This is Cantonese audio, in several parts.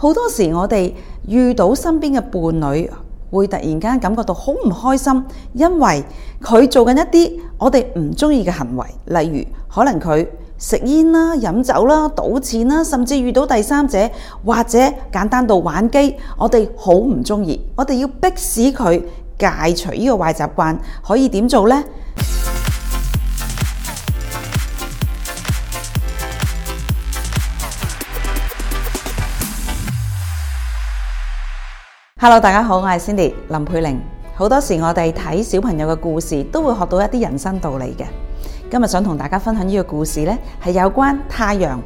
好多時我哋遇到身邊嘅伴侶，會突然間感覺到好唔開心，因為佢做緊一啲我哋唔中意嘅行為，例如可能佢食煙啦、飲酒啦、啊、賭錢啦，甚至遇到第三者，或者簡單到玩機，我哋好唔中意。我哋要迫使佢戒除呢個壞習慣，可以點做呢？Hello，大家好，我係 Cindy 林佩玲。好多時我哋睇小朋友嘅故事，都會學到一啲人生道理嘅。今日想同大家分享呢個故事呢，係有關太陽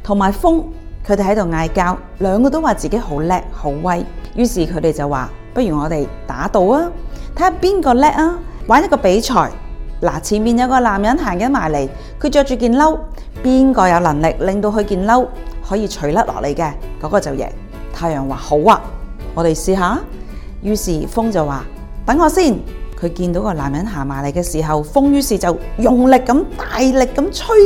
同埋風，佢哋喺度嗌交，兩個都話自己好叻好威，於是佢哋就話不如我哋打賭啊，睇下邊個叻啊，玩一個比賽嗱。前面有個男人行緊埋嚟，佢着住件褸，邊個有能力令到佢件褸可以除甩落嚟嘅，嗰、那個就贏。太陽話好啊。我哋試下，於是風就話：等我先。佢見到個男人行埋嚟嘅時候，風於是就用力咁大力咁吹，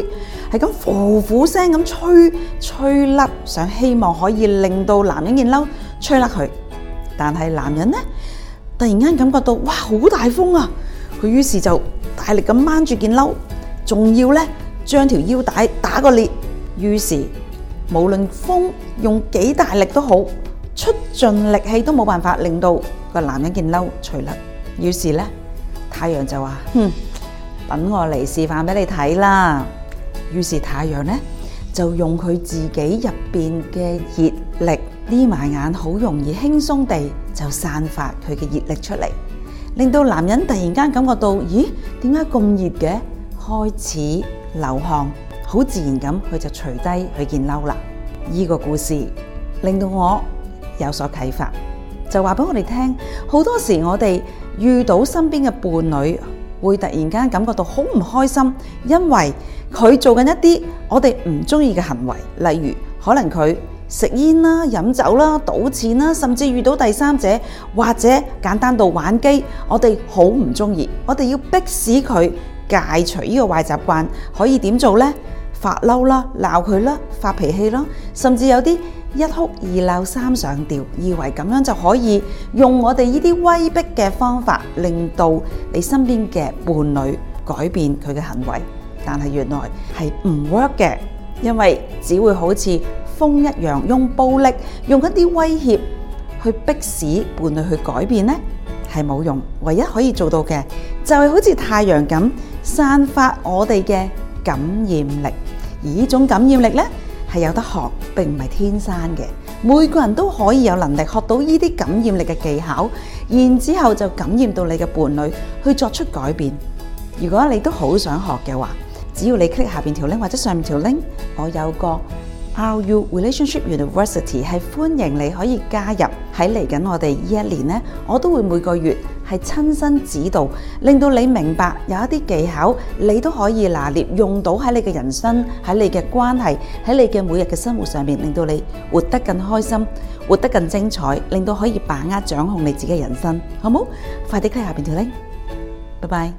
係咁呼呼聲咁吹吹甩，想希望可以令到男人件褸吹甩佢。但係男人呢，突然間感覺到哇好大風啊！佢於是就大力咁掹住件褸，仲要呢將條腰帶打個裂。於是無論風用幾大力都好。出盡力氣都冇辦法令到個男人件褸除甩，於是咧，太陽就話，哼，等我嚟示範俾你睇啦。於是太陽咧就用佢自己入面嘅熱力，眯埋眼，好容易輕鬆地就散發佢嘅熱力出嚟，令到男人突然間感覺到，咦，點解咁熱嘅？開始流汗，好自然咁，佢就除低佢件褸啦。依個故事令到我有所啟發，就話俾我哋聽。好多時我哋遇到身邊嘅伴侶，會突然間感覺到好唔開心，因為佢做緊一啲我哋唔中意嘅行為，例如可能佢食煙啦、飲酒啦、賭錢啦，甚至遇到第三者，或者簡單到玩機，我哋好唔中意。我哋要逼使佢戒除呢個壞習慣，可以點做呢？發嬲啦、鬧佢啦、發脾氣啦，甚至有啲。一哭二鬧三上吊，以為咁樣就可以用我哋呢啲威逼嘅方法，令到你身邊嘅伴侶改變佢嘅行為。但係原來係唔 work 嘅，因為只會好似風一樣，用暴力，用一啲威脅去迫使伴侶去改變呢，係冇用。唯一可以做到嘅就係好似太陽咁散發我哋嘅感染力，而呢種感染力呢。係有得學，並唔係天生嘅。每個人都可以有能力學到呢啲感染力嘅技巧，然之後就感染到你嘅伴侶去作出改變。如果你都好想學嘅話，只要你 click 下邊條 l 或者上面條 l 我有個。R U Relationship University，是歡迎你可以加入。喺嚟緊，我哋呢一年呢，我都會每個月是親身指導，令到你明白有一啲技巧，你都可以拿捏用到喺你嘅人生、喺你嘅關係、喺你嘅每日嘅生活上面，令到你活得更開心、活得更精彩，令到可以把握掌控你自己嘅人生，好唔好？快啲看下面條 link，拜拜。